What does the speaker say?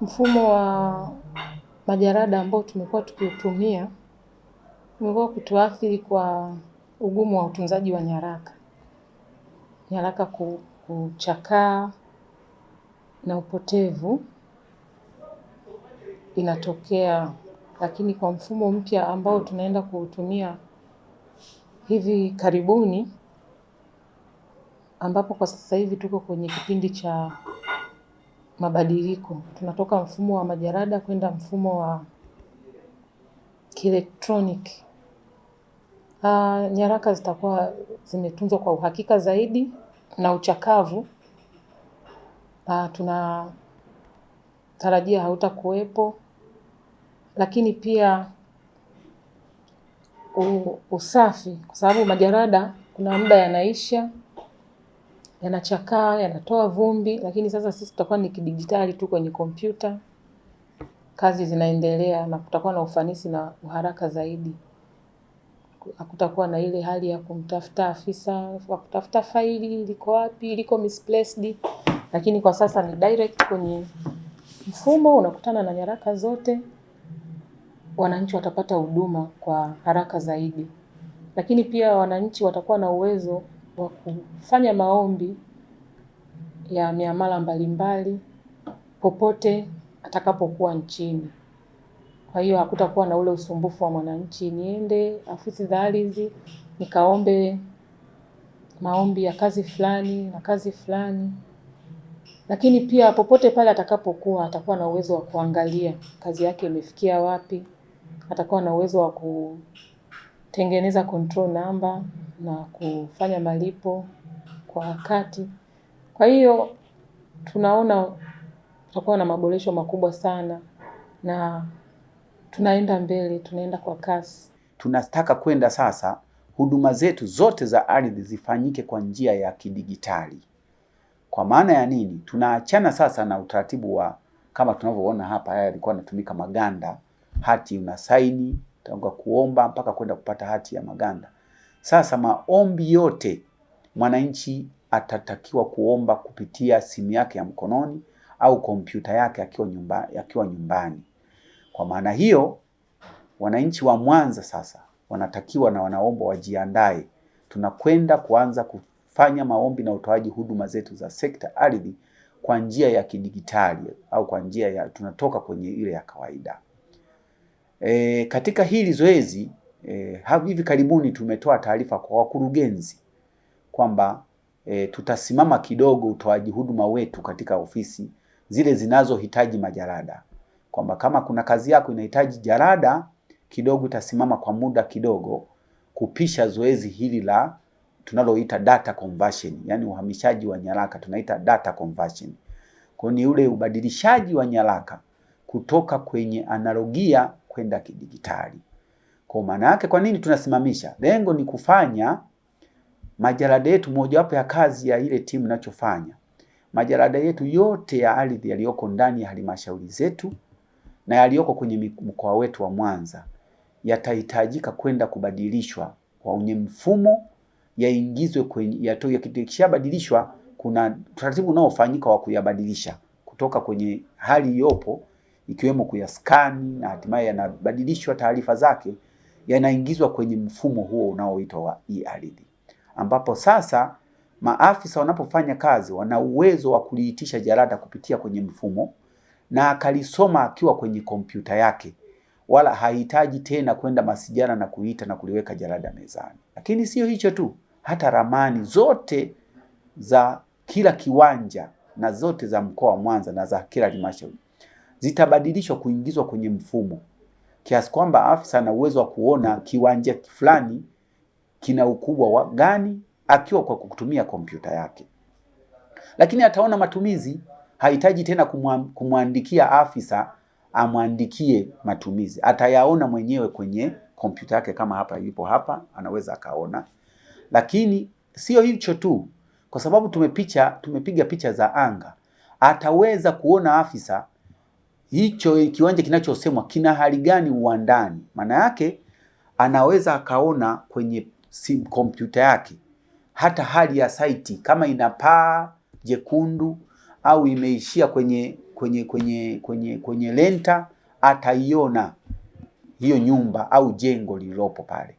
Mfumo wa majarada ambao tumekuwa tukiutumia umekuwa kutuathiri kwa ugumu wa utunzaji wa nyaraka, nyaraka kuchakaa na upotevu inatokea, lakini kwa mfumo mpya ambao tunaenda kuutumia hivi karibuni, ambapo kwa sasa hivi tuko kwenye kipindi cha mabadiliko, tunatoka mfumo wa majarada kwenda mfumo wa kielektroniki. Uh, nyaraka zitakuwa zimetunzwa kwa uhakika zaidi na uchakavu uh, tunatarajia hautakuwepo, lakini pia u, usafi kwa sababu majarada kuna muda yanaisha yanachakaa, yanatoa vumbi, lakini sasa sisi tutakuwa ni kidijitali tu kwenye kompyuta, kazi zinaendelea na kutakuwa na ufanisi na uharaka zaidi. Hakutakuwa na ile hali ya kumtafuta afisa wa kutafuta faili liko wapi, liko misplaced. Lakini kwa sasa ni direct kwenye mfumo, unakutana na nyaraka zote, wananchi watapata huduma kwa haraka zaidi, lakini pia wananchi watakuwa na uwezo wa kufanya maombi ya miamala mbalimbali popote atakapokuwa nchini. Kwa hiyo hakutakuwa na ule usumbufu wa mwananchi, niende afisi za ardhi nikaombe maombi ya kazi fulani na kazi fulani. Lakini pia popote pale atakapokuwa, atakuwa na uwezo wa kuangalia kazi yake imefikia wapi, atakuwa na uwezo wa kutengeneza control number na kufanya malipo kwa wakati. Kwa hiyo tunaona tutakuwa na maboresho makubwa sana na tunaenda mbele, tunaenda kwa kasi. Tunataka kwenda sasa, huduma zetu zote za ardhi zifanyike kwa njia ya kidigitali. Kwa maana ya nini? Tunaachana sasa na utaratibu wa kama tunavyoona hapa, haya yalikuwa yanatumika maganda, hati unasaini toka kuomba mpaka kwenda kupata hati ya maganda. Sasa maombi yote mwananchi atatakiwa kuomba kupitia simu yake ya mkononi au kompyuta yake akiwa nyumba, akiwa nyumbani. Kwa maana hiyo, wananchi wa Mwanza sasa wanatakiwa na wanaomba wajiandae, tunakwenda kuanza kufanya maombi na utoaji huduma zetu za sekta ardhi kwa njia ya kidigitali au kwa njia ya tunatoka kwenye ile ya kawaida. E, katika hili zoezi eh, hivi karibuni tumetoa taarifa kwa wakurugenzi kwamba e, tutasimama kidogo utoaji huduma wetu katika ofisi zile zinazohitaji majarada, kwamba kama kuna kazi yako inahitaji jarada kidogo, itasimama kwa muda kidogo kupisha zoezi hili la tunaloita data conversion, yani uhamishaji wa nyaraka tunaita data conversion. Kwa ni ule ubadilishaji wa nyaraka kutoka kwenye analogia kwenda kidijitali. Kwa maana yake, kwa nini tunasimamisha? Lengo ni kufanya majarada yetu, mojawapo ya kazi ya ile timu inachofanya majarada yetu yote ya ardhi yaliyoko ndani ya halmashauri zetu na yaliyoko kwenye mkoa wetu wa Mwanza yatahitajika kwenda kubadilishwa kwenye mfumo, yaingizwe kwenye yatoe. Yakishabadilishwa, kuna utaratibu unaofanyika wa kuyabadilisha kutoka kwenye hali iliyopo, ikiwemo kuyaskani na hatimaye yanabadilishwa taarifa zake yanaingizwa kwenye mfumo huo unaoitwa wa e-ardhi, ambapo sasa maafisa wanapofanya kazi wana uwezo wa kuliitisha jalada kupitia kwenye mfumo na akalisoma akiwa kwenye kompyuta yake, wala hahitaji tena kwenda masijana na kuita na kuliweka jalada mezani. Lakini sio hicho tu, hata ramani zote za kila kiwanja na zote za mkoa wa Mwanza na za kila halmashauri zitabadilishwa kuingizwa kwenye mfumo kiasi kwamba afisa ana uwezo wa kuona kiwanja fulani kina ukubwa wa gani akiwa kwa kutumia kompyuta yake, lakini ataona matumizi. Hahitaji tena kumwandikia afisa amwandikie matumizi, atayaona mwenyewe kwenye kompyuta yake, kama hapa ilipo hapa, anaweza akaona. Lakini sio hicho tu, kwa sababu tumepicha tumepiga picha za anga, ataweza kuona afisa hicho kiwanja kinachosemwa kina hali gani uwandani. Maana yake anaweza akaona kwenye sim kompyuta yake hata hali ya saiti kama ina paa jekundu au imeishia kwenye kwenye kwenye kwenye kwenye lenta, ataiona hiyo nyumba au jengo lililopo pale.